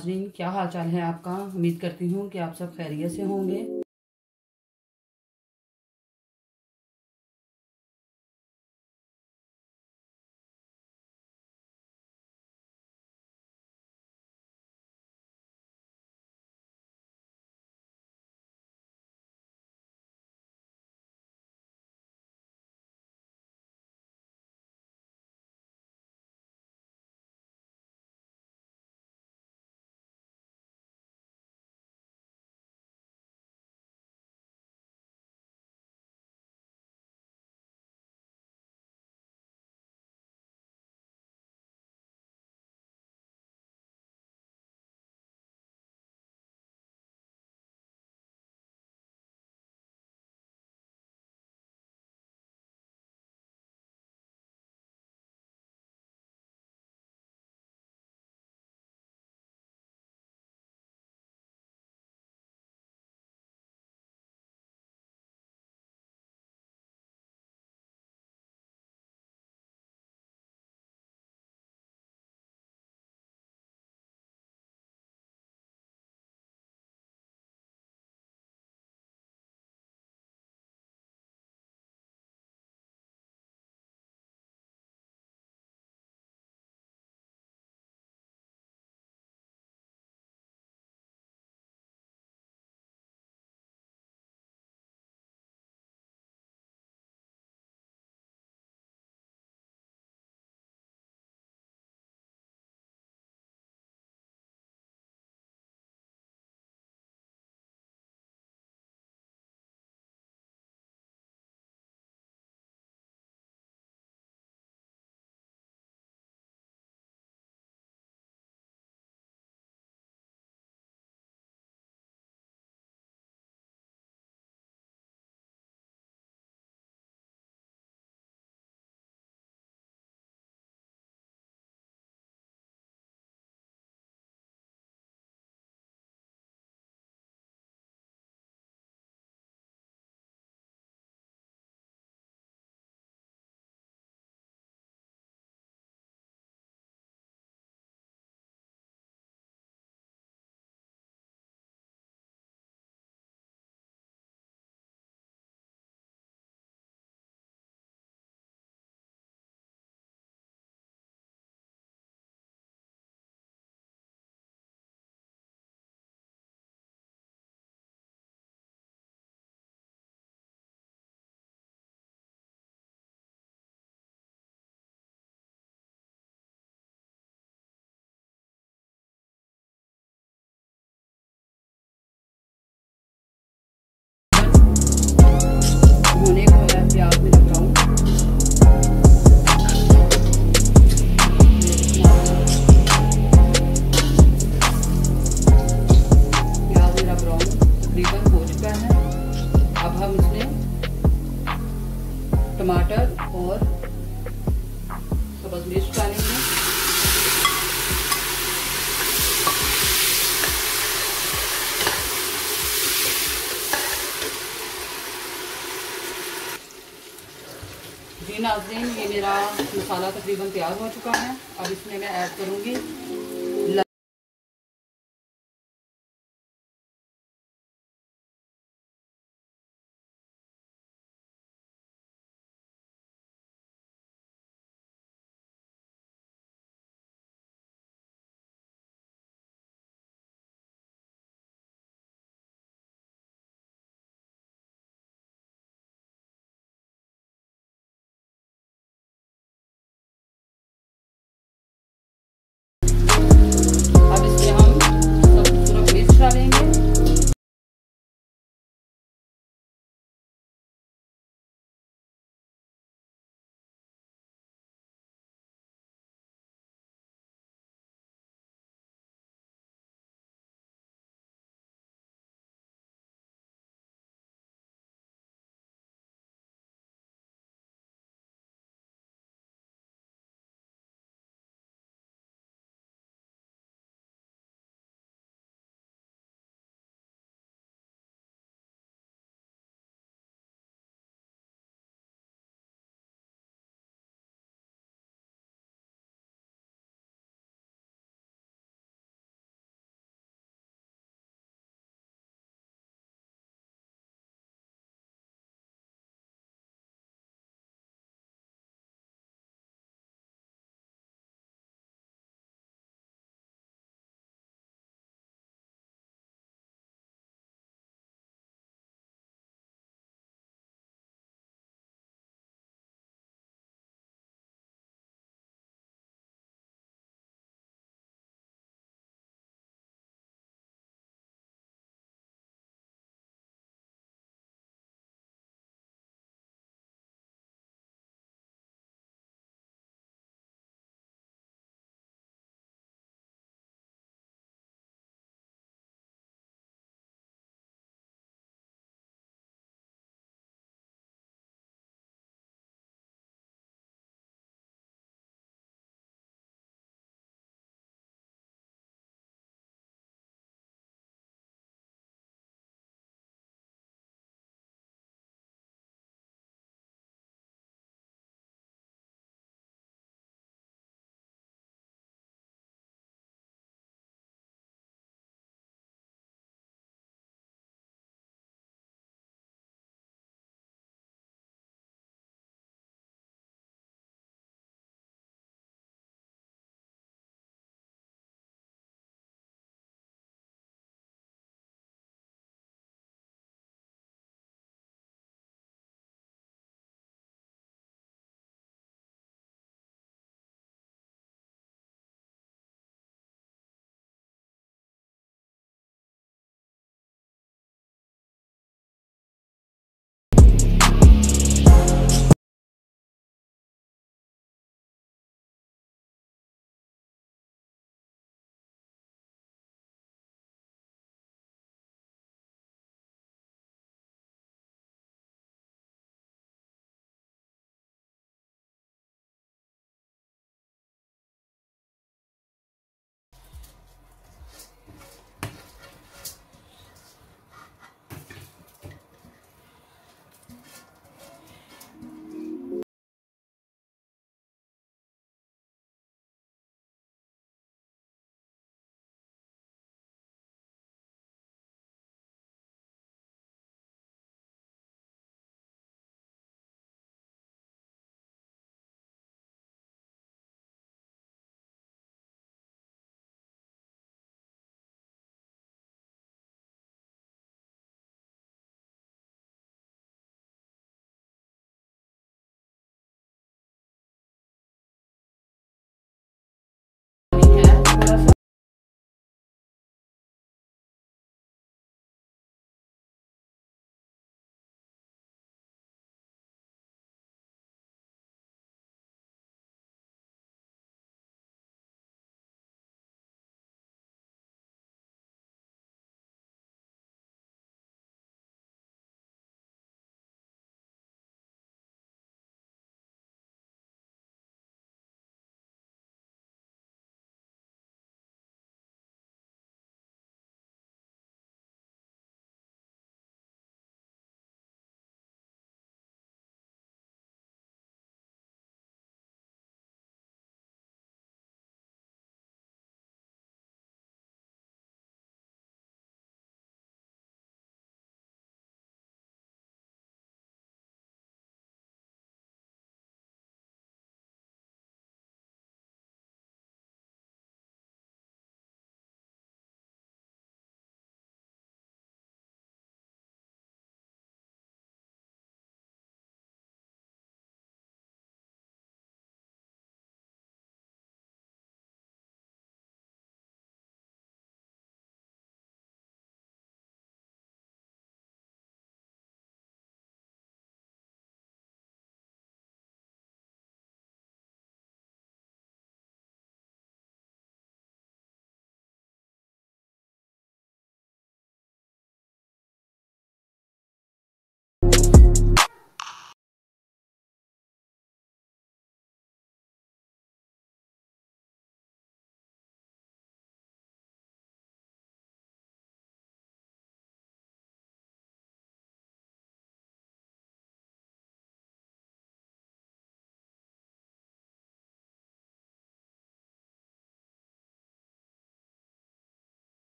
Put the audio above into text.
नाजरीन क्या हालचाल है आपका उम्मीद करती हूँ कि आप सब खैरियत से होंगे हम इसमें टमाटर और सब्ज मिर्च डालेंगे जी नाजरीन ये मेरा मसाला तकरीबन तैयार हो चुका है अब इसमें मैं ऐड करूंगी